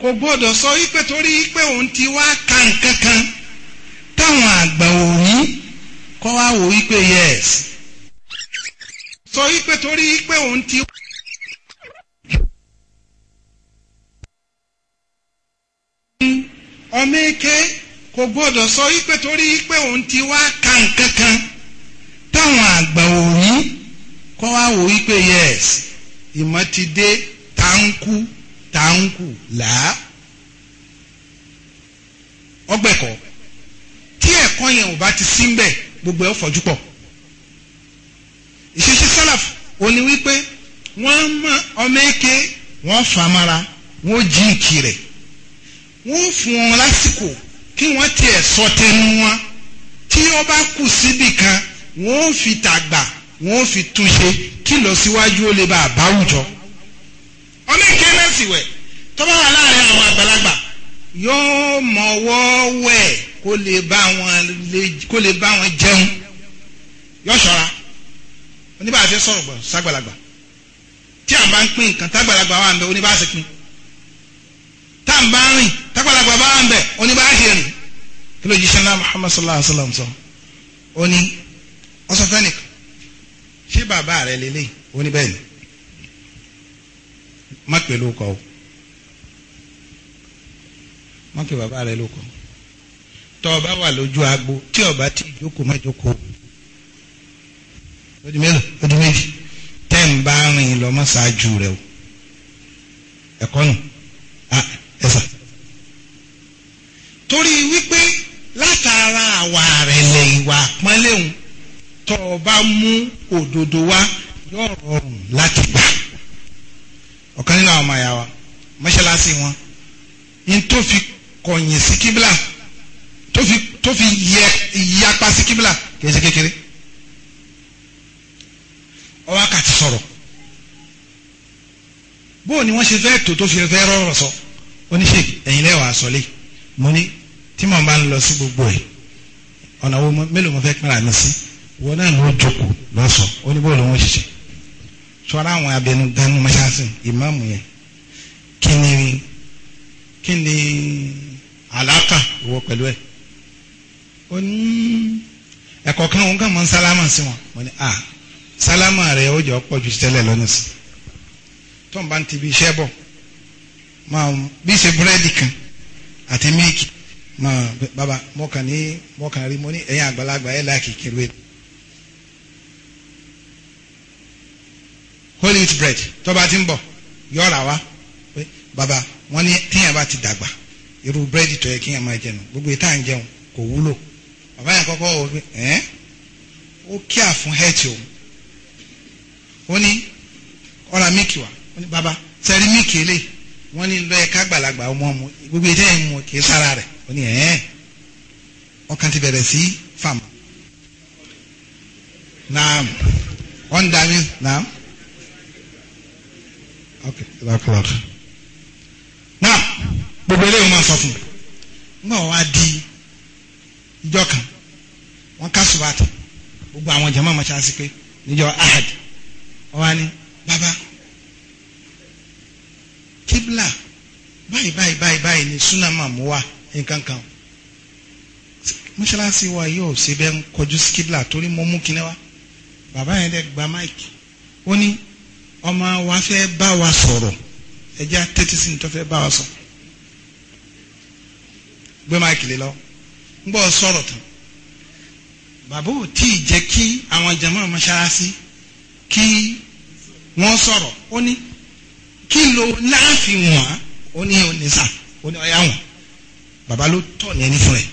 kò gbọ́dọ̀ sọ wípé torí wípé òun ti wá ka nǹkan kan táwọn àgbà ò ní kọ́ wá wò wípé yes sọ wípé torí wípé òun ti. ọmọ eke kò gbọ́dọ̀ sọ wípé torí wípé òun ti wá ka nǹkan kan táwọn àgbà ò ní kọ́ wá wò wípé yes ìmọ̀ ti dé tá ń kú táǹkù là ọgbẹ́kọ̀ tí ẹ̀kọ́ yẹn ò bá ti sí ń bẹ̀ gbogbo ẹ̀ fọ́jú pọ̀ ìṣesí sálàf òní wípé wọ́n mọ ọmọ eke wọ́n famara wọ́n jí ìkì rẹ̀ wọ́n fún wọn lásìkò kí wọ́n tiẹ̀ sọ tẹnu wọn tí ó bá kù síbì kan wọ́n fi tàgbà wọ́n fi túnṣe kí lọ síwájú ó lè bá àbáwùjọ ọmọ èké náà sì wẹ̀ tó bá wà láàrin àwọn àgbàlagbà yóò mọ̀wọ́ wẹ̀ kó lè bá wọn jẹun yóò ṣọ́ra oníbàá ti sọ̀rọ̀ bọ̀ ságbàlagbà tí a bá ń pín nǹkan tágbàlagbà wà ń bẹ oníbàá pín tá a bá ń rìn tágbàlagbà bá wà ń bẹ oníbàá rìn kí ló jíṣẹ́ náà Muhammad sallallahu alaihi wa sallam sọ ó ní ọsọ fẹ́nìkan ṣé bàbá rẹ lélẹ́yìn ó má pè lóko o má pè bàbá rẹ lóko tọ́ ọba wà lójú agbo tí ọba tí ìjókòó má jókòó lójú mélòó lójú méjì tẹ́ ń bá rìn lọ má ṣáájú rẹ o ẹ̀kọ́ nù ẹ̀sà torí wípé látara àwa rẹ̀ lè ìwà pọ́nlẹ́hùn tọ́ ọba mú òdodo wá yóò rọrùn láti gbà ọ̀kan nínú àwọn ọmọ àyà wa mọ́ṣáláṣí wọn ní tó fi kọ̀yìn sí kíbla tó fi tó fi yẹ yapa sí kíbla kìí kékeré ọwọ́ àkàtì sọ̀rọ̀ bóò ni wọ́n ṣe fẹ́ tó tó fi fẹ́ rọrọ̀ sọ oníṣe ẹ̀yin lẹ́wàá sọ̀lẹ̀ mo ní tí màá bá ń lọ sí gbogbo ẹ̀ ọ̀nà wo mélòó mo fẹ́ pínra mi sí wọn náà ló jókòó lọ́sọ̀ọ́ oníbòòlù wọn ṣiṣẹ́ tọ́ra àwọn abẹnuganu mọ́ṣáláṣí ìmáàmù yẹn kí ni kí ni àlàkà ìwọ pẹ̀lú ẹ̀ ó ní ẹ̀kọ́ kan òun kàn mọ́ sálámà sí wọn mo ní ah sálámà rẹ̀ ó jọ pọ̀ ju tẹ́lẹ̀ lọ́nà sí tó ń bá ń tibi iṣẹ́ bọ̀ máa bí ṣe búrẹ́dì kan àti míìkì máa bàbá mo holy wheat bread tọ́ba ti ń bọ̀ yọ̀ọ̀rà wa pé bàbá wọ́n ní tíyàn bá ti dàgbà irú búrẹ́dì tó yẹ kíyàn máa jẹun gbogbo ìta ń jẹun kò wúlò bàbá yẹn kọ́kọ́ wọ pé ẹ́n ó kíà fún hẹ́ẹ̀tì òun ó ní ọ̀rà míìkì wá ó ní bàbá sẹ́rí míìkì eléyìí wọ́n ní lọ́yẹ ká gbàlagbà ọmọ ọmọ gbogbo ìta yẹn mú kì í sára rẹ̀ ó ní ẹ́n ọkàn ti bẹ̀rẹ̀ sí fàmù. naam ọ̀n dàmí naam blackrock náà gbogbo eléyìí máa sọ fún un nígbà wọ́n wá di ìjọ kan wọ́n ká subata gbogbo àwọn jama máa ṣáàṣì pé níjọ ahad wọ́n wá ní bàbá báyìí báyìí báyìí báyìí ni suna máa mú wa nǹkan kan mọ́ṣáláṣí wa yóò ṣe bẹ́ẹ̀ ń kọjú sí kíbla torí mo mú kíní wa bàbá yẹn dẹ̀ gba máìkì ó ní ọmọ wa fẹ́ bá wa sọ̀rọ̀ ẹjẹ́ tẹ́tí sí ní tó fẹ́ bá wa sọ gbé máìkì lé lọ ń gbọ́ sọ̀rọ̀ tán bàbá ò tí ì jẹ́ kí àwọn jàmáà mọ́ṣáláṣí kí wọ́n sọ̀rọ̀ ó ní kí ló láàfin wọ́n ó ní onísà ó ní ọ̀yá wọn bàbá ló tọ̀ ní ẹni fún ẹ̀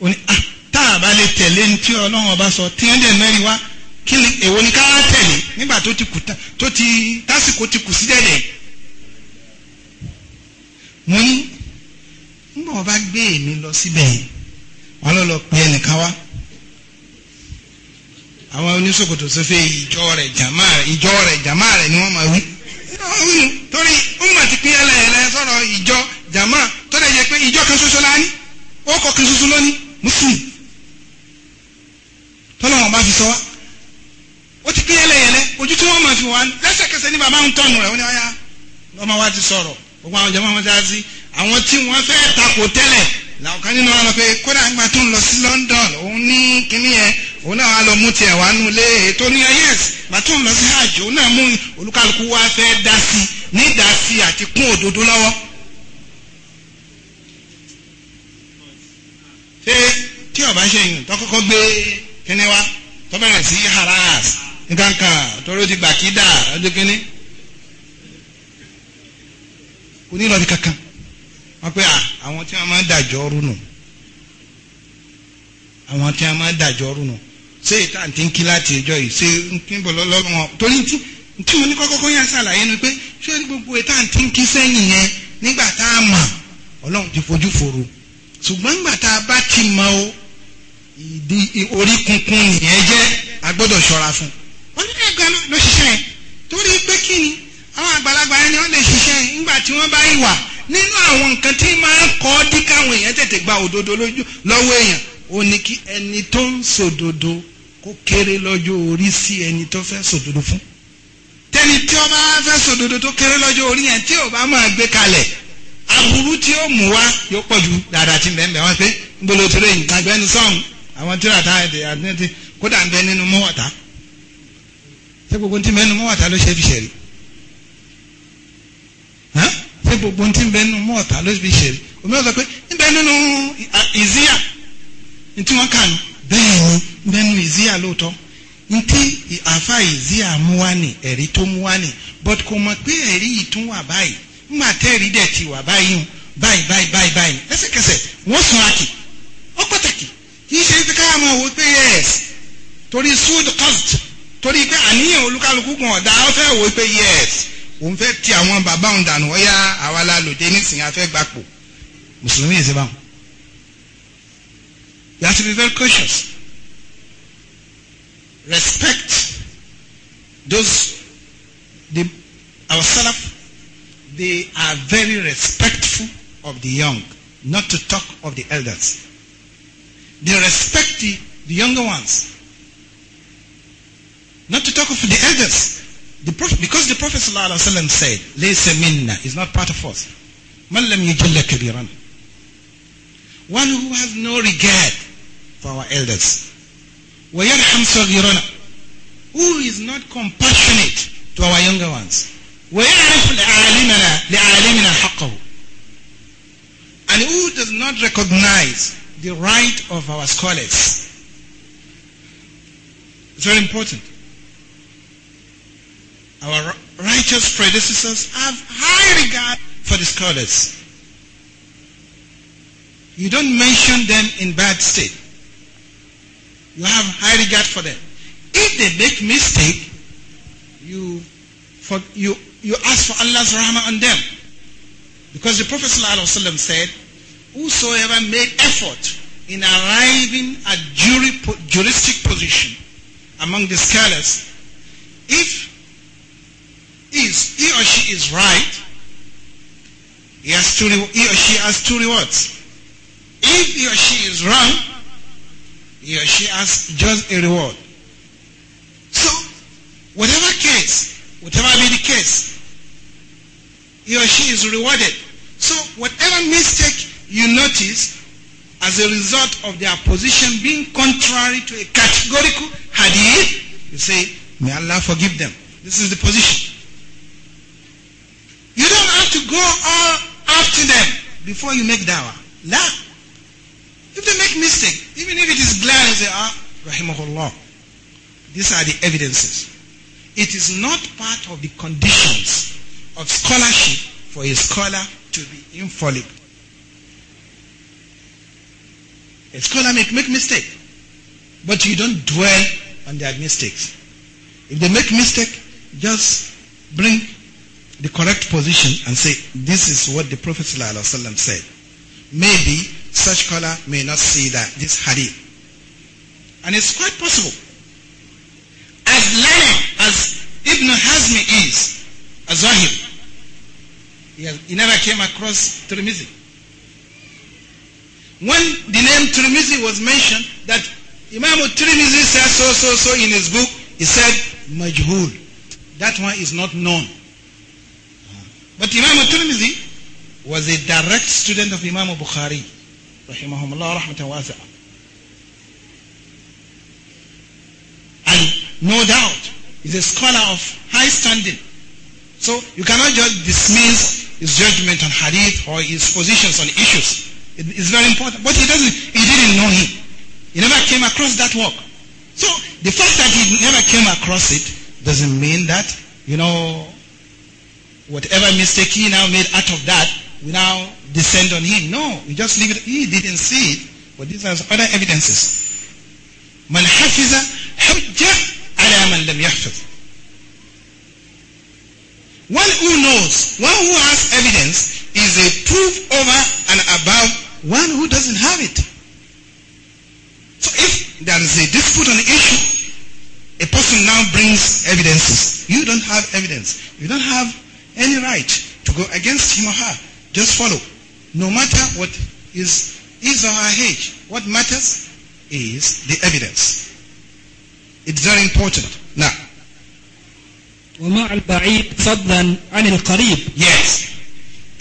ó ní ah, tá a bá lè tẹ̀lé ní tí ọlọ́run ọba sọ tí wọ́n dẹ̀ mẹ́rin wá kí ni èwo ni ká tẹ̀lé nígbà tó ti kù tó ti tásìkò ti kù sí dẹ̀dẹ̀ mo ní nígbà wọn bá gbé èmi lọ síbẹ̀ yẹn wọn lọ lọ pe ẹnìkan wá àwọn oníṣòkòtò sọfẹ ìjọ rẹ jàmá rẹ ìjọ rẹ jàmá rẹ ni wọn máa wí. torí ọmọ ti pín ẹlẹ́yẹlẹ́ sọ̀rọ̀ ìjọ jàmá tó lè yẹ pé ìjọ kan ṣoṣo la ní ó kọ kan ṣoṣo lónìí mùsùlùmí tọ́lọ́wọ́n bá fi sọ wá ó ti pín yẹlẹyẹlẹ ojú tí wọ́n mọ̀ fi wá lẹ́sẹ̀kẹsẹ̀ ní bàbá ń tọ̀nù rẹ̀ ó ní ọ̀yá ọmọ wa ti sọ̀rọ̀ gbogbo àwọn jọmọ wọn ti àwọn tí wọ́n fẹ́ takò tẹ́lẹ̀ làwọn nínú wọn lọ pé kódà ń gba tó ń lọ sí London òun ní kínní yẹn òun náà wà lọ mú tiẹ̀ wá nù lé ètò ní yes gba tó ń lọ sí àjò òun náà mú olúkálukú wá fẹ́ dá sí ní dá sí àti kún òdodo lọ́wọ́. ṣé tí ọba ṣe yùn tó gbé kínní wá tó sí haras nǹkan kan tọ́lọ́ ti gbà kí dà ọdún kínní kò ní lọ́ọ́ fi kankan wọ́n pe àwọn tí wọ́n máa ń dàjọ́ ọrùn nù àwọn tí wọ́n máa ń dàjọ́ ọrùn nù ṣé ìta ti ń kí láti ìjọ yìí ṣé ń kí ń bọ̀ lọ́wọ́ torí tí tí mo ní kọ́kọ́kọ́ yẹn ṣàlàyé ni pé ṣé gbogbo ìta ti ń kí sẹ́yìn yẹn nígbà tá a mọ̀ ọlọ́run ti fojú fòrò ṣùgbọ́n nígbà tá a bá ti mọ̀ orí kunkun nìyẹn jẹ́ a gbọ́dọ̀ fún un oníkà ìgbà ló ṣiṣẹ́ torí pé kí ni àwọn àgbàlagbà yẹn ni wọ́n lè ṣiṣẹ́ nígbà tí wọ́n bá ìwà nínú àwọn nǹkan tí máa ń kọ́ dí káwọn èèyàn tètè gba òdodo lọ́wọ́ èèyàn ó ní kí ẹni tó ń sòdodo kó kéré lọ́jọ́ orí sí ẹni tó fẹ́ sòdodo fún tẹni tí ó bá sòdodo tó kéré lọ́jọ́ orí yẹn tí ò máa gbé kalẹ̀ aburú tí ó mú wá yóò pọ̀ ju dáadáa tí bẹ́ẹ̀ bẹ́ẹ̀ wọ́n pé ń bolo tó lè yìn àgbẹ̀ni sọ́ọ̀n àwọn tíra táyà dé àti kódà ń bẹ nínú mọ́wọ́ta ṣé gbogbo ntí mẹ́nu mọ́ọ̀tá ló ṣe fi ṣẹ̀rí ṣé gbogbo ntí mẹ́nu mọ́ọ̀tá ló fi ṣẹ̀rí òmíràn sọ pé níbẹ̀ nínú ìzíyà ntí wọ́n kà ní bẹ́ẹ̀ ni níbẹ̀ nínú ìzíyà lóòótọ́ ntí àfa ìzíyà mú wá ní ẹ̀rí tó mú wá ní but kò mọ̀ pé ẹ̀rí yìí tún wà báyìí ńgbà tẹ́ẹ̀rí dẹ̀ ti wà báyìí báyìí báyìí báyìí báyìí lẹ́sẹ̀kẹsẹ̀ wọ́n sun akì ó kì í ṣe ká máa wò pé yes torí sud cost torí pé àníyàn olúkálukú kan ọ̀dà ó fẹ́ wò pé yes òun fẹ́ ti àwọn bàbá òun dànù ọ̀yà àwa la lòdì nísìnyí afẹ́ gbapò mùsùlùmí yìí ṣe báwọn. you have to be very cautious respect those the our salaf they are very respectful of the young not to talk of the elders they respect the, the younger ones Not to talk of the elders. The Prophet, because the Prophet ﷺ said, Laysa minna, is not part of us. Man lam kabiran. One who has no regard for our elders. وَيَرْحَمْ صَغِيرَنَا Who is not compassionate to our younger ones. وَيَعْرِفْ لَعَالِمَنَا حَقَّهُ And who does not recognize the right of our scholars. It's very important. Our righteous predecessors have high regard for the scholars. You don't mention them in bad state. You have high regard for them. If they make mistake, you, for, you, you ask for Allah's rahmah on them. Because the Prophet ﷺ said, whosoever made effort in arriving at jury, juristic position among the scholars, if is he or she is right, he has two he or she has two rewards. If he or she is wrong, he or she has just a reward. So, whatever case, whatever be the case, he or she is rewarded. So, whatever mistake you notice as a result of their position being contrary to a categorical hadith, you say, may Allah forgive them. This is the position. to go all after them before you make dawah. La. If they make mistake, even if it is glaring, say, ah, rahimahullah. These are the evidences. It is not part of the conditions of scholarship for a scholar to be infallible. A scholar may make mistake, but you don't dwell on their mistakes. If they make mistake, just bring the correct position and say, this is what the Prophet ﷺ said. Maybe such color may not see that this hadith. And it's quite possible. As learned as Ibn Hazmi is, a Zahir, he, has, he never came across Tirmizi. When the name Tirmizi was mentioned, that Imam Tirmizi says so, so, so in his book, he said, Majhul. That one is not known. But Imam al-Tirmidhi was a direct student of Imam al Bukhari. Rahimahumullah rahmatan And no doubt, he's a scholar of high standing. So you cannot just dismiss his judgment on hadith or his positions on issues. It is very important. But he doesn't, he didn't know him. He never came across that work. So the fact that he never came across it doesn't mean that, you know, whatever mistake he now made out of that, we now descend on him. No, we just leave it. He didn't see it, but these are other evidences. من حفظ حجة على من لم One who knows, one who has evidence is a proof over and above one who doesn't have it. So if there is a dispute on the issue, a person now brings evidences. You don't have evidence. You don't have any right to go against him or her. Just follow. No matter what is his or her age. What matters is the evidence. It's very important. Now. Yes.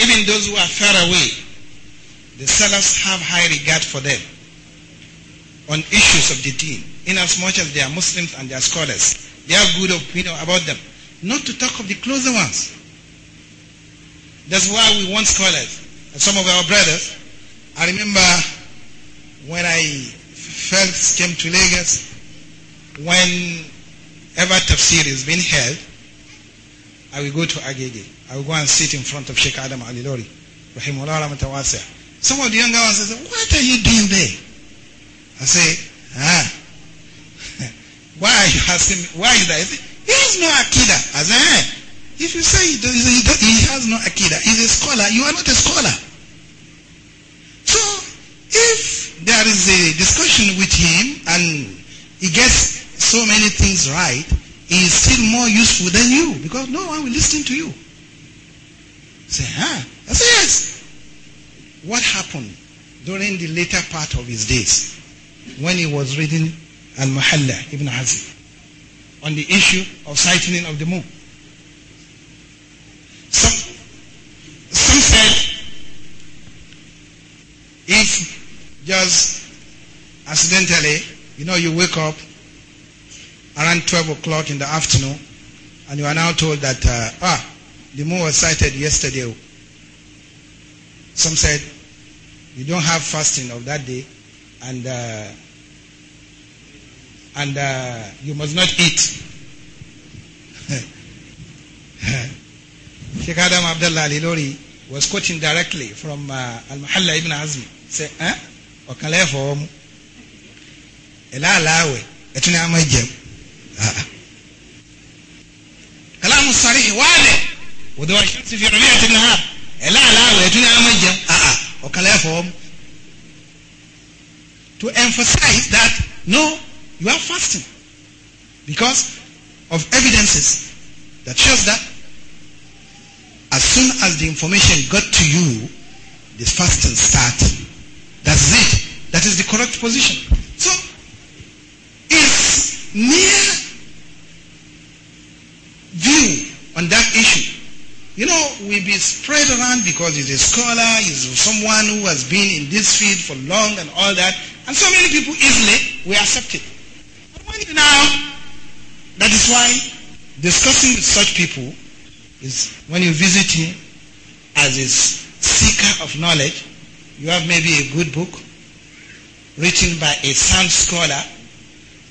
Even those who are far away, the scholars have high regard for them on issues of the deen, inasmuch as they are Muslims and they are scholars. They have good opinion about them. Not to talk of the closer ones. That's why we once called it. some of our brothers, I remember when I first came to Lagos, ever tafsir is being held, I will go to Agege. I will go and sit in front of Sheikh Adam Ali Lori. Some of the younger ones say, What are you doing there? I say, Ah, why are you asking me? Why is that? There is no Akida. I say, hey. Eh, if you say he has no akida, he's a scholar, you are not a scholar. So, if there is a discussion with him and he gets so many things right, he is still more useful than you because no one will listen to you. say, huh? Ah, I say, yes. What happened during the later part of his days when he was reading Al-Muhalla, Ibn Hazm, on the issue of sightening of the moon? just accidentally, you know, you wake up around 12 o'clock in the afternoon and you are now told that, uh, ah, the moon was sighted yesterday. Some said, you don't have fasting of that day and, uh, and uh, you must not eat. Sheikh Adam Abdullah Lilori was quoting directly from uh, Al-Muhalla ibn Azmi. Say, eh? ọmú ẹ̀tún ni kàlámù ìwádìí òde wa fi ọ̀rẹ́ ẹ̀tún ẹ̀tún ni ọmú. To emphasize that no, you are fasting because of evidences that shows that as soon as the information got to you, the fasting started. That's it. That is the correct position. So, is near view on that issue you know, we be spread around because he's a scholar, he's someone who has been in this field for long and all that. And so many people easily we accept it. But when you now, that is why discussing with such people is when you visit him as a seeker of knowledge, you have maybe a good book, written by a sound scholar.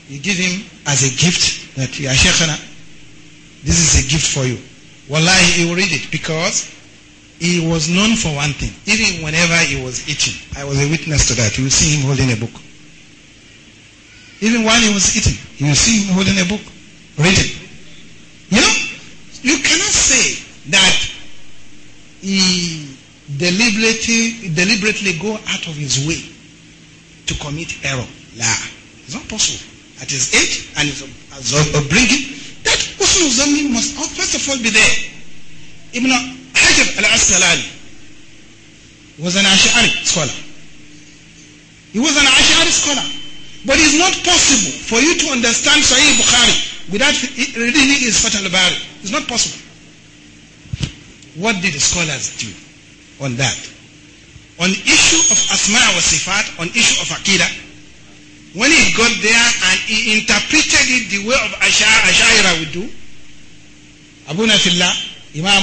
You give him as a gift that you are Sheikhana. This is a gift for you. Wallahi, he will read it because he was known for one thing. Even whenever he was eating, I was a witness to that. You will see him holding a book. Even while he was eating, you will see him holding a book, reading. You know, you cannot say that he deliberately, deliberately go out of his way to commit error. La. It's not possible. At his age and his upbringing, that Usul Zanni must first of all be there. Ibn Hajar al-Asqalani was an Ash'ari scholar. He was an Ash'ari scholar. But it's not possible for you to understand Sahih Bukhari without reading his Fatal Bari. It's not possible. What did the scholars do on that? on issue of asma wa sifat, on issue of aqidah, when he got there and he interpreted it the way of Ash'ari, Ash'ari would do, Abu Nasillah, Imam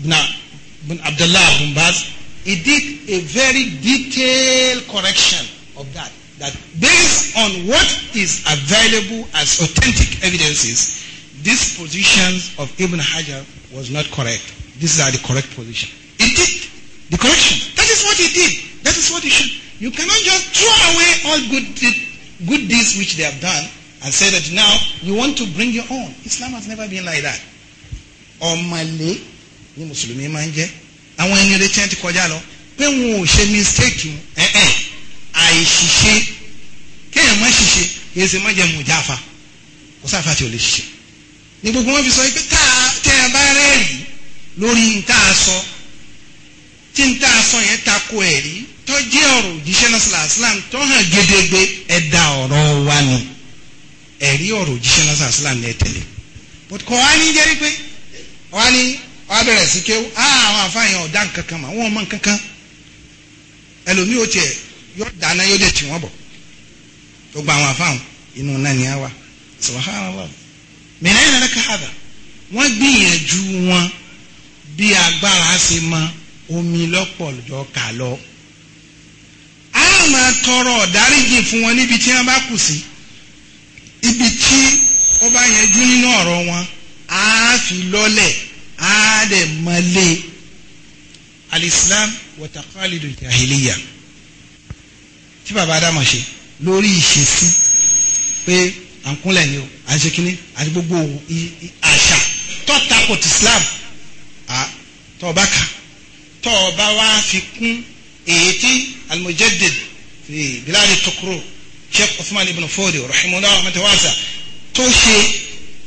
Ibn, Abdullah Ibn Baz, he did a very detailed correction of that. That based on what is available as authentic evidences, this position of Ibn Hajar was not correct. This is the correct position. He did the correction is what he did. That is what he should. You cannot just throw away all good, good deeds which they have done and say that now you want to bring your own. Islam has never been like that. Ọ̀màlẹ́ ni Mùsùlùmí máa ń jẹ́. Àwọn ẹni rẹ̀ tiẹ̀ ti kọjá lọ pé wọn ò ṣe mistake ẹ̀ ẹ̀ àìṣiṣẹ́ kéèyàn má ṣiṣẹ́ kì í ṣe má jẹ́ mùjáfa kò sáfà tí o lè ṣiṣẹ́. Ní gbogbo wọn fi sọ pé tá a tẹ́ ẹ bá rẹ́ẹ̀rì lórí tá a tí n tá a sọ yẹn tako ẹ̀rí tó jẹ́ ọ̀rọ̀ òjíṣẹ́ náà sàlá sàlám tó hàn gédégbé ẹ̀dá ọ̀rọ̀ wa ni ẹ̀rí ọ̀rọ̀ òjíṣẹ́ náà sàlá sàlám lẹ́ẹ̀ but kọ́ wa ní jẹ́rí pé wa ní wa bẹ̀rẹ̀ sí kéwú àwọn àfààyàn ọ̀dà kankan mà wọ́n mọ̀ kankan ẹlòmíì ó tiẹ̀ yọ dáná yóò dẹ̀ tì wọ́n bọ̀ tó gba àwọn àfààyàn inú náà ni a wà mìíràn yẹn lẹ́ka àdà wọ́n gbìyànjú wọn bí agbára ṣe máa omi lọ́pọ̀lọpọ̀ kà lọ. a máa tọrọ ọ̀dáríjì fún wọn níbi tí wọ́n bá kù sí ibi tí ó bá yanjú nínú ọ̀rọ̀ wọn á fi lọ́lẹ̀ á dẹ̀ mọ́lé alislam wọ́tàkọ́lìdò jahiliya tí baba adamu ṣe lórí ìṣesí pé à ń kúnlẹ̀ ni o à ń ṣe kínní àti gbogbo àṣà tọ́ta kò ti islam tọ́ ọ bá kà á tọ́ ọ bá wá fi kún èyí tí almujaddid fi bilali tukuro sheikh usman ibn fodio rahimahullah rahmatulahsa tó ṣe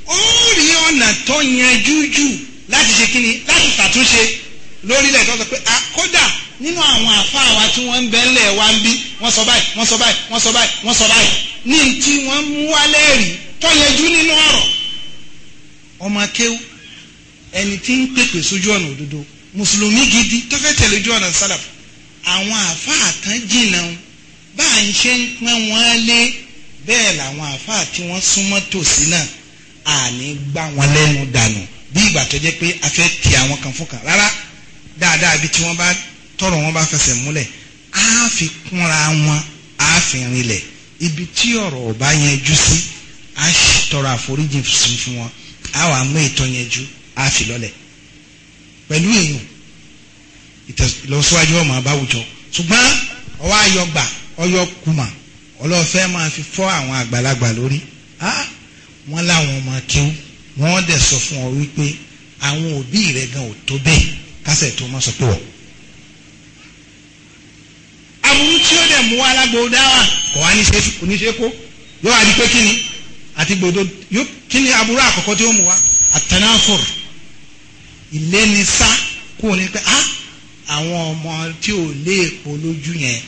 ó rí ọ̀nà tó yanjú jù láti ṣe kíni láti ṣàtúnṣe lórílẹ̀ tó sọ pé ah, kódà nínú àwọn àfáà wa tí wọ́n ń bẹ ńlẹ̀ wa ń bí wọ́n sọ báyìí wọ́n sọ báyìí wọ́n sọ báyìí wọ́n sọ báyìí ní tí wọ́n mú wálẹ̀ rí tó yanjú nínú ọ̀rọ̀ ọmọ akéwù ẹni tí ń pèpè sójú ọ̀nà òdodo mùsùlùmí gidi tó fẹ́ tẹ̀lé ojú ọ̀nà sálàfù àwọn àáfàá kan jìnnà bá à ń ṣe ń pẹ́ wọ́n lé bẹ́ẹ̀ làwọn àáfàá tí wọ́n súnmọ́ tòsí náà àní gbá wọn lẹ́nu dànù bí ìgbà tó jẹ́ pé a fẹ́ ti àwọn kan fún kan rárá dáadáa bí tí wọ́n bá tọrọ wọn bá fẹsẹ̀ múlẹ̀ á fi kúnra wọn á fi rinlẹ̀ ibi tí ọ̀rọ̀ ọba yanjú sí á tọrọ àforíjì fún wọn á wàá mú ètò yanjú á fi lọ́lẹ̀ pẹ̀lú èèyàn ìlọsíwájú ọmọ abáwùjọ ṣùgbọ́n ọwọ́ ayọ̀gbà ọyọkùmà ọlọ́fẹ́ máa fi fọ́ àwọn àgbàlagbà lórí wọ́n láwọn ọmọ kíw wọ́n dẹ̀ sọ fún ọ wípé àwọn òbí rẹ̀ gan ò tó bẹ́ẹ̀ kásẹ̀ tó má sọ pé wọ̀. aburú tí ó dẹ̀ mú wá lágbo dáwà kò wá ní ṣe kó yóò wá di pé kíni àti gbòdo kí ni àkọ́kọ́ tí ó mú wá àtẹnáfòrò ìlénisá kò ní pẹ́ á ah, àwọn ọmọ tí ò lé èpo lójú yẹn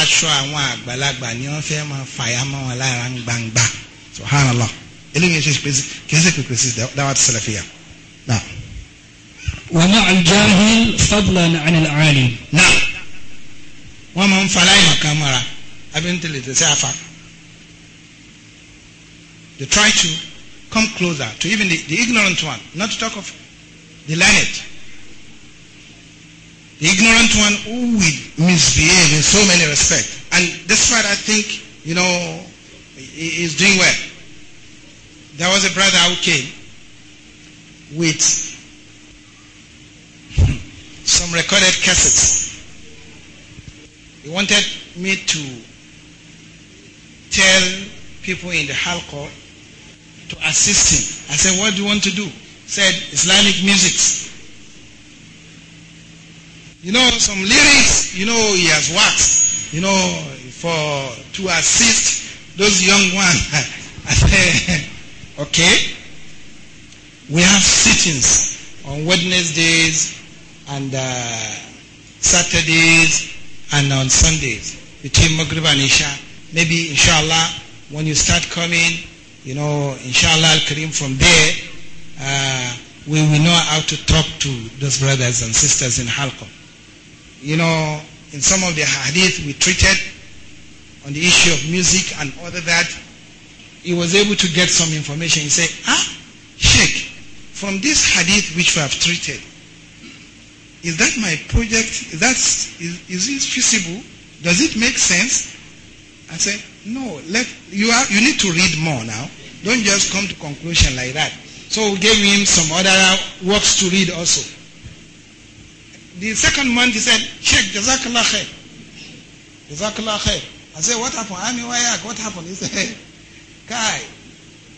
aṣọ àwọn àgbàlagbà ni wọ́n fẹ́ máa fàyà mọ́ wọn lára ń gbangba subhanallah eléyìí ṣe pèsè kìí ṣe pèsè dáwà tó ṣẹlẹ̀ fìyà. wa ma'a al-jahil fadlan 'an al-'alim. náà wọ́n máa ń falá ìmọ̀ mọ́ra abẹ́ tẹ̀sí àfa. they try to come closer to even the, the ignorant one not to talk of the learned. The ignorant one who will misbehave in so many respects. And this part I think, you know, is doing well. There was a brother who came with some recorded cassettes. He wanted me to tell people in the hall call to assist him. I said, what do you want to do? said Islamic music, You know, some lyrics, you know, he has worked, you know, for to assist those young ones. I say, okay, we have sittings on Wednesdays and uh, Saturdays and on Sundays between Maghrib and Isha. Maybe, inshallah, when you start coming, you know, inshallah, Karim, from there, uh, we will know how to talk to those brothers and sisters in Halqa. You know, in some of the hadith we treated on the issue of music and other that, he was able to get some information. He said, ah, Sheikh, from this hadith which we have treated, is that my project, is, that, is, is it feasible? Does it make sense? I said, no, let, you, are, you need to read more now. Don't just come to conclusion like that. So we gave him some other works to read also. The second month he said, Sheikh, Jazakallah khair. Jazakallah khair. I said, what happened? I mean, what happened? He said, guy,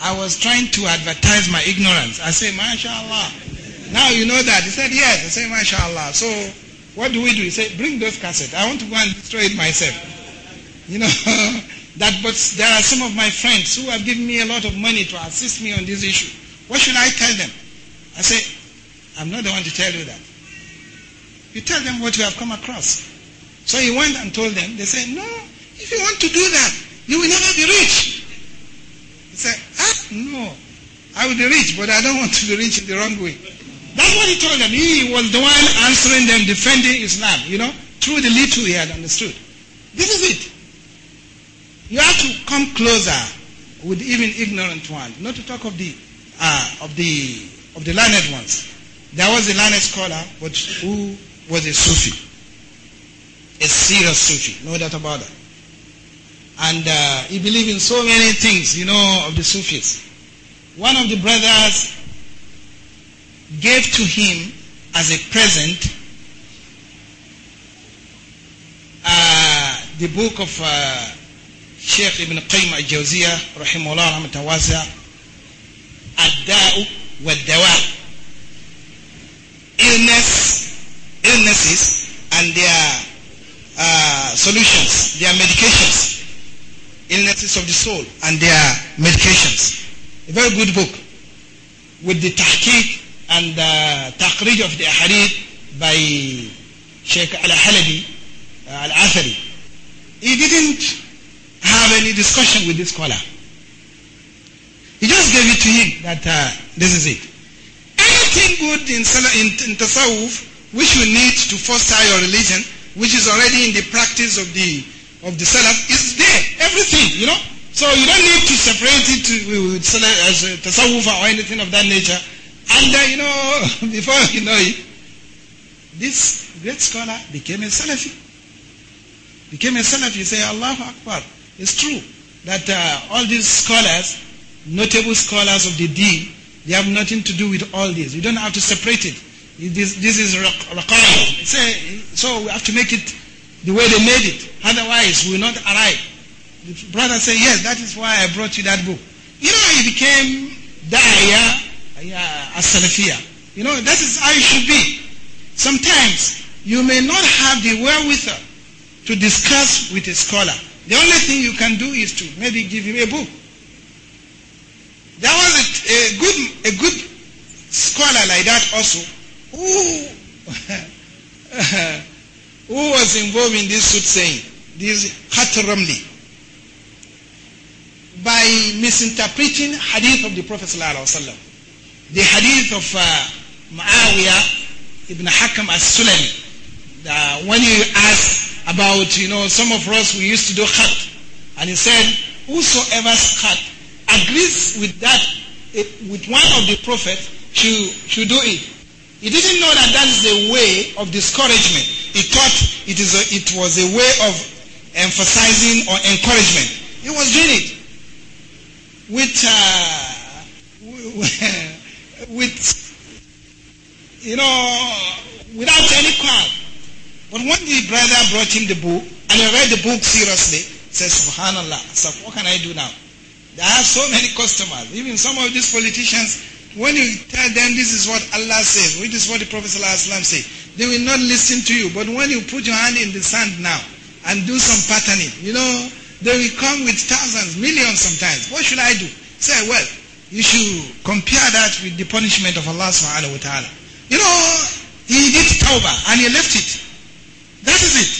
I was trying to advertise my ignorance. I said, MashaAllah. Now you know that. He said, yes. I said, MashaAllah. So what do we do? He said, bring those cassettes. I want to go and destroy it myself. You know, that, but there are some of my friends who have given me a lot of money to assist me on this issue. What should I tell them? I say, I'm not the one to tell you that. You tell them what you have come across. So he went and told them. They said, no, if you want to do that, you will never be rich. He said, ah, no. I will be rich, but I don't want to be rich in the wrong way. That's what he told them. He was the one answering them, defending Islam, you know, through the little he had understood. This is it. You have to come closer with even ignorant ones, not to talk of the uh, of the of the learned ones. There was a learned scholar, but who was a Sufi, a serious Sufi, no doubt about that. And uh, he believed in so many things, you know, of the Sufis. One of the brothers gave to him as a present uh, the book of uh, Sheikh Ibn Qayyim al-Jawziyah, rahimahullah, rahmatawazah, ad-da'u wad-dawa illness illnesses and their uh, solutions their medications illnesses of the soul and their medications a very good book with the tahqiq and the uh, taqrij of the ahadith by Sheikh Al-Halabi uh, Al-Athari he didn't have any discussion with this scholar He just gave it to him that uh, this is it. Anything good in, in, in tasawuf which you need to foster your religion, which is already in the practice of the of the salaf, is there. Everything, you know. So you don't need to separate it with as uh, tasawuf or anything of that nature. And uh, you know, before you know it, this great scholar became a Salafi. Became a Salafi. You say, Allahu Akbar. It's true that uh, all these scholars notable scholars of the deen, they have nothing to do with all this. You don't have to separate it. This, this is raqqa. So we have to make it the way they made it. Otherwise, we will not arrive. The brother said, yes, that is why I brought you that book. You know, he became Daya as salafiyah. You know, that is how you should be. Sometimes you may not have the wherewithal to discuss with a scholar. The only thing you can do is to maybe give him a book there was a, a good a good scholar like that also who who was involved in this soothsaying, this Khatramli, by misinterpreting hadith of the Prophet sallallahu the hadith of uh, Muawiyah ibn Hakam as-Sulami. Uh, when he asked about, you know, some of us we used to do khat, and he said, whosoever khat agrees with that, eh, with one of the prophets, should, should do it. He didn't know that that is a way of discouragement. He thought it, is a, it was a way of emphasizing or encouragement. He was doing it with, uh, with, you know, without any qualm. But when the brother brought him the book, and he read the book seriously, says, Subhanallah, so what can I do now? I have so many customers. Even some of these politicians, when you tell them this is what Allah says, which is what the Prophet ﷺ said, they will not listen to you. But when you put your hand in the sand now and do some patterning, you know, they will come with thousands, millions sometimes. What should I do? Say, well, you should compare that with the punishment of Allah subhanahu wa ta'ala. You know, he did tawbah and he left it. That is it.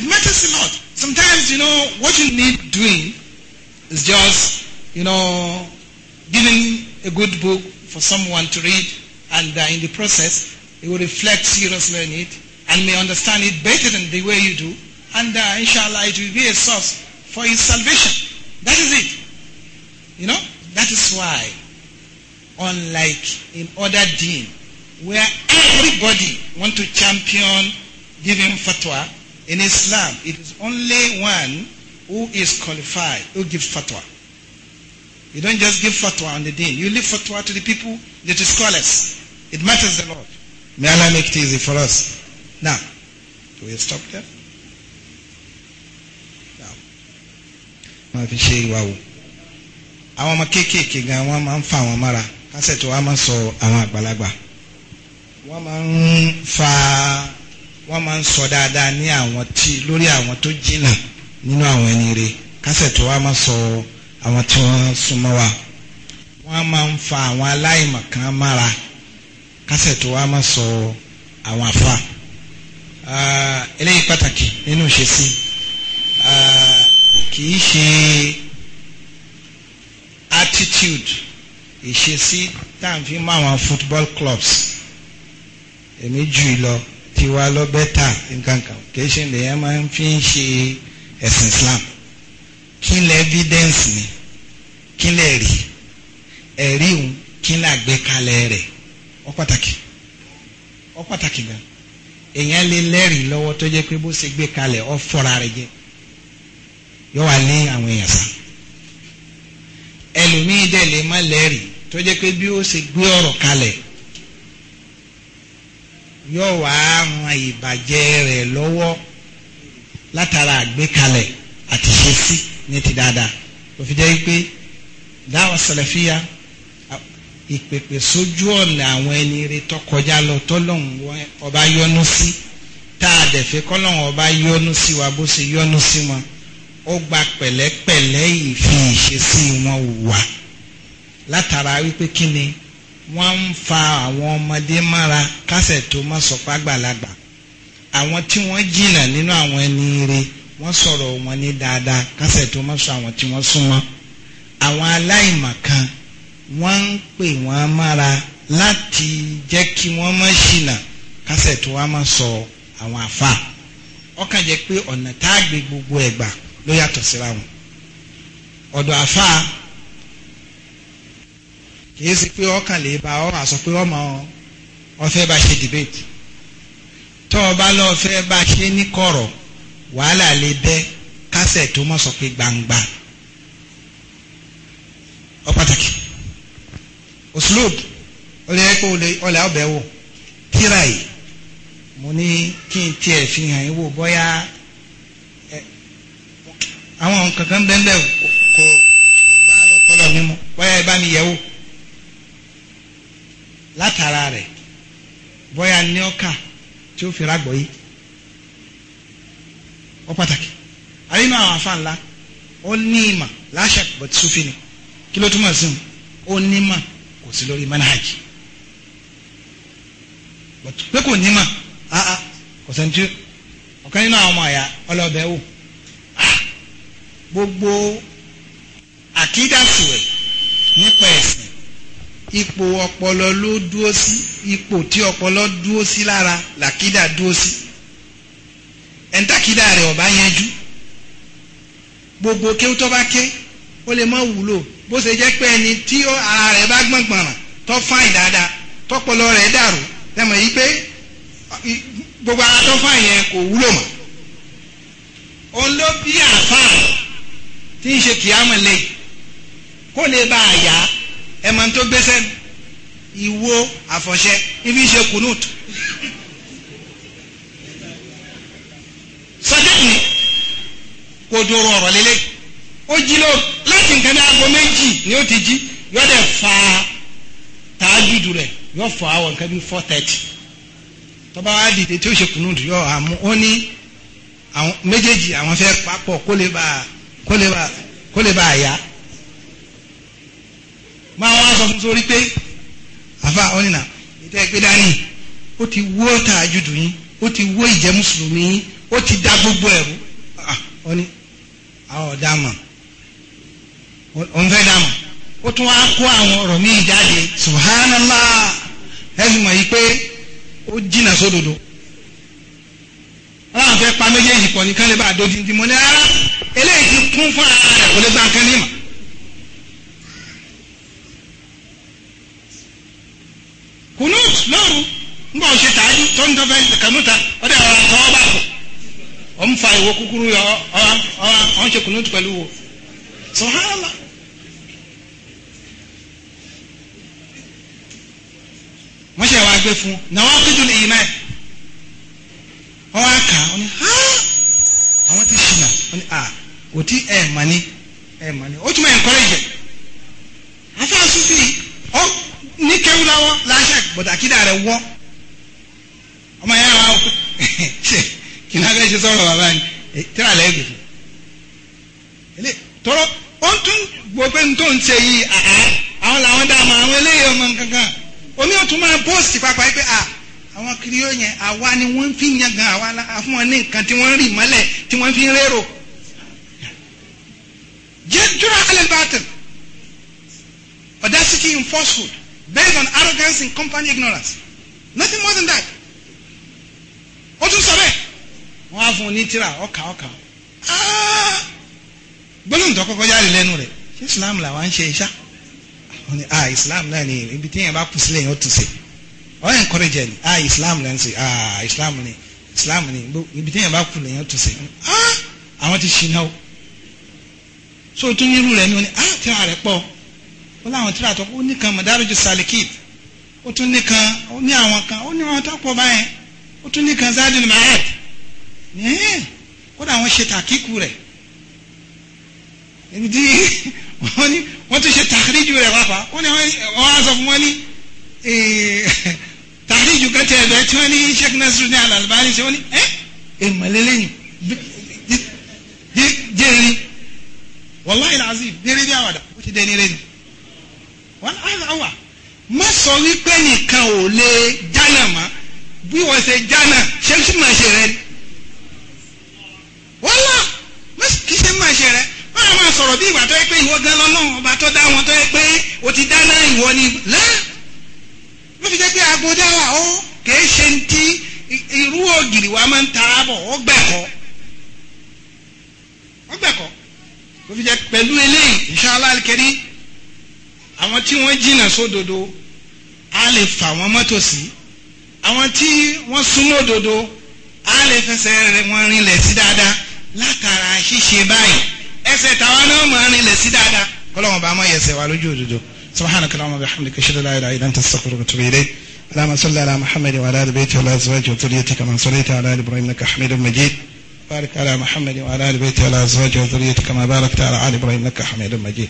It matters a lot. Sometimes, you know, what you need doing is just you know, giving a good book for someone to read and uh, in the process, he will reflect seriously on it and may understand it better than the way you do. And uh, inshallah, it will be a source for his salvation. That is it. You know, that is why, unlike in other deen, where everybody want to champion giving fatwa, in Islam, it is only one who is qualified who gives fatwa. You don't just give fatwa on the deen. You leave fatwa to the people, the scholars. It matters a lot. May Allah make it easy for us. Now, do we stop there? Now. Máa fi ṣe ìwà wò. Àwọn ọmọ kéékèèké gan wọ́n máa ń fa àwọn mára. Kásẹ̀tì wa máa ń sọ àwọn àgbàlagbà. Wọ́n máa ń fa wọ́n máa ń sọ dáadáa ní àwọn tí lórí àwọn tó jìnnà nínú àwọn ẹni rẹ̀. Kásẹ̀tì wa máa ń sọ. So, àwọn tí wọ́n súnmọ́ wa wọ́n máa ń fa àwọn aláìmọ̀ kan mára kásẹ̀ tó máa sọ àwọn àfa eléyìí pàtàkì nínú ìṣesí kì í ṣe attitude ìṣesí tá à ń fi mọ àwọn football clubs èmi jù ú lọ tiwa lọ bẹ́tà nǹkan kan kì í ṣe lèyàn máa ń fi ń ṣe ẹ̀sìn Islam kí n lẹ evidence ni kí n lẹ rí ẹ̀rí òun kí n lẹ àgbékalẹ̀ rẹ̀ ó pàtàkì ó pàtàkì gan èèyàn lè lẹ́rìí lọ́wọ́ tó jẹ́ pé bó ṣe gbé kalẹ̀ ó fọ́ra rẹ̀ jẹ́ yóò wá lé àwọn èèyàn sá ẹlòmíì dẹ̀ lè má lẹ́rìí tó jẹ́ pé bí ó ṣe gbé ọ̀rọ̀ kalẹ̀ yóò wá ran ìbàjẹ́ rẹ̀ lọ́wọ́ látara àgbékalẹ̀ àti ṣe sí. Si ní ti dáadáa òfin jẹ́ pé dáwà sàlàfíà ìpèpè sójú ọ̀nà àwọn ẹni rẹ tó kọjá lọ tọ́lọ́hún ọba yọ́nú sí tá a dẹ̀ fẹ́ kọ́lọ́hún ọba yọ́nú sí wa bó ṣe yọ́nú sí wọn ó gba pẹ̀lẹ́pẹ̀lẹ́ ìfi ìṣesí wọn wà látara wípé kí ni wọ́n ń fa àwọn ọmọdé mára kásẹ̀ tó má sọ pé àwọn tí wọ́n jìnnà nínú àwọn ẹni rẹ̀ wọ́n sọ̀rọ̀ wọn ní dáadáa kásẹ̀ tó sọ àwọn tí wọ́n súnmọ́ àwọn aláìmọ̀kan wọ́n ń pè wọ́n mára láti jẹ́ kí wọ́n má ṣìnà kásẹ̀ tó wá sọ àwọn àfa ọkàn jẹ́ pé ọ̀nà tá gbogbo ẹ̀ gbà ló yàtọ̀ síra wọn ọ̀dọ̀ àfa kìí sí pé ọkàn lè ba ọmọ ọ fẹ́ bá debate tọ́ ọ bá fẹ́ bá wàhálà lè bẹ́ kásẹ̀ tó mọ̀ sọ gbangba ọ pàtàkì oslob ọlẹ́ ẹ̀kọ́ ọlẹ́ ọbẹ̀ wò tíra yìí mo ní kí n tiẹ̀ fi hàn yín wò bọ́yá àwọn kankan bẹ́ẹ̀ kò bá ọpọlọ mi látara rẹ̀ bọ́yá ní ọkà tí ó fi ó pàtàkì àrínú àwọn afa ńlá ó ní ìmọ̀ láṣẹ bọ̀tí sufi ni kí ló túmọ̀ sí ó ní ìmọ̀ kò sí lórí manhaj pé kò ní ìmọ̀ áá kò sẹ́ńtì ọ̀kan nínú àwọn ọmọ àyà ọlọ́ọ̀bẹ wò ah, gbogbo àkídàsí rẹ̀ nípa ẹ̀sìn ipò ọpọlọ ló dúró sí ipò tí ọpọlọ dúró sí lára làkídà dúró sí. Si ẹ̀ńtàkìdá rẹ̀ ọ̀bá yanjú gbogbo kéwú tó bá ké ó lè mọ́ wúlò bó ṣe jẹ́ pé ẹni tí ara rẹ̀ bá gbọ̀n gbọ̀nràn tó fáìn dáadáa tọpọlọ rẹ̀ dàrú tẹmọ̀ yìí pé gbogbo ara tó fáìn yẹn kò wúlò mọ́ òun àfáà tí ń ṣe kìámù lè kó lè bá a yá ẹ̀mọ́ tó gbéṣẹ́ ìwo àfọ̀ṣẹ́ ibi ń ṣe kùnúùtù. kodoro ọ̀rọ̀ lélẹ̀ ó jí ló láti nǹkan ní aago méjì ni ó ti jí yóò dẹ̀ fa tààjùdù rẹ̀ yóò fọ àwọn nǹkan bíi four thirty tọ́ba wa dìde tí ó ṣe kùnú dùn yóò àmú ó ní àwọn méjèèjì àwọn fẹ́ papọ̀ kó lè bá kó lè bá kó lè bá a yá máa wá fún sórí pé àfa ọ̀nìnà ìtẹ́ pé dání ó ti wó tààjùdù yín ó ti wó ìjẹ́ mùsùlùmí yín ó ti dá gbogbo ẹ̀rú ọ̀nìnà. Ah, àwọn ọ̀dà mọ̀ òǹfẹ́ dà mọ̀ ó tún wá kó àwọn ọ̀rọ̀ míì jáde subhanallah ẹ̀sùn mọ̀ yìí pé ó jìnnà sódodo ọlọ́run fẹ́ pa méjèèjì pọ̀ nìkan lè bá a dojú ti mọ́ ní rárá eléyìí ti kún fún ara rẹ̀ kò lè gba nǹkan ní ìmọ̀. kùnú lóru ń bọ̀ ṣe tààjú tó ń dọ́fẹ́ kànúta ọdẹ àwọn àtọwọ́ bá kù ó ń fa ìwo kúkúrú yọ ọ ń ṣe kùnú pẹ̀lú wo subhanallah. wọ́n ṣe wá gbé fún un náà wọ́n kí dùn ìyìnà ẹ̀ wọ́n wá kà á ní àwọn ti ṣìnà wọ́n ní kò tí ẹ̀ mà ní ẹ̀ mà ní ó tún máa encourage ẹ̀ afáàsù sí ọ ní kéwù láwọ láṣà gbọ̀dàkídà rẹ̀ wọ́ ọmọ yẹn wá ṣe kí n abẹ́ ṣe sọ̀rọ̀ bàbá ni tíra lẹ́gẹ̀ẹ́ fún ilé tọrọ ó ń tún gbogbo ní tó ń ṣe yìí àwọn làwọn dá mọ àwọn eléyìí ọmọ kankan omi ò máa bóòsì papọ̀ yìí pé àwọn kiriyó yẹn àwa ni wọ́n fi yan gan àwa la fún wọn ní nǹkan tí wọ́n rì mọ́lẹ̀ tí wọ́n fi ń rérò jẹ́ dúró alẹ́ bàtẹ̀ audacity in falsehood based on arrogance in company ignorance nothing more than that wọ́n á fún un ní tíra ọkà ọkà ah! gbólóhùn tó kọ́kọ́ jáde lẹ́nu rẹ̀ ṣé islam làwọn ń ṣe iṣá wọ́n ní ah islam náà ni ibi tí yẹn bá kù sílẹ̀ yẹn ó tún ṣe wọ́n encourage ni ah islam náà ń ṣe ah islam ni islam ni ibi tí yẹn bá kù sílẹ̀ yẹn ó tún ṣe ah àwọn ti ṣìnà o so tún nírú rẹ̀ ni wọ́n ní ah tíra rẹ̀ pọ̀ ó láwọn tíra tó ó nìkan mọ̀dárójú salikid ó tún nìkan ó ní àwọn kan ó ní àwọn tó pọ̀ báyẹn ó tún nìkan zádùn mahad kódà wọ́n ṣe tàkíkù rẹ̀ ebi tí wọ́n ní wọ́n tún ṣe tàkíríjù rẹ̀ pàápàá wọ́n ní wọ́n á sọ fún wọn ní tàkíríjù kẹtẹ ẹ̀dọ̀ tí wọ́n ní Sheikh Nasruddin Al-Albani ṣe wọ́n ni ẹ́ èmọ̀lélẹ́yìn jẹ́rin wàláhì làzim dérí bí àwàdà ó ti dẹni rẹ́ni wọ́n á sọ má sọ wípé nìkan ò lè jánà mọ́ bí wọ́n ṣe jánà ṣé kí màá ṣe rẹ́ni. sọ̀rọ̀ bí ìgbà tó yẹ pé ìwọ gan lọ́nà ọba tó dá wọn tó yẹ pé o ti dáná ìwọ ni lẹ́ ló fi jẹ́ pé agbódá wa ó kèé ṣe ń tí irú ògiri wa máa ń tara bọ̀ ó gbẹ̀kọ́ ó gbẹ̀kọ́ ló fi jẹ́ pẹ̀lú eléyìí inshallah alikẹ́rí àwọn tí wọ́n jìnnà sódodo a lè fà wọ́n mọ́tò sí àwọn tí wọ́n súnmọ́ òdodo a lè fẹsẹ̀ rẹ̀ wọ́n rinlẹ̀ sí dáadáa látara ṣíṣe báyìí. ẹsẹ̀ tàwa náà máa rinlẹ̀ sí dáadáa kọ́lọ́mọ̀ bá má yẹsẹ̀ wà lójú òdodo subhanaka allahumma wa bihamdika ashhadu an la ilaha illa anta astaghfiruka wa atubu ilayk اللهم صل على محمد وعلى ال بيته وعلى ازواجه وذريته كما صليت على ال ابراهيم انك حميد مجيد بارك على محمد وعلى ال بيته وعلى ازواجه وذريته كما باركت على ال ابراهيم انك حميد مجيد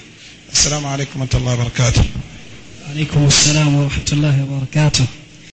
السلام عليكم ورحمه الله وبركاته وعليكم السلام ورحمه الله وبركاته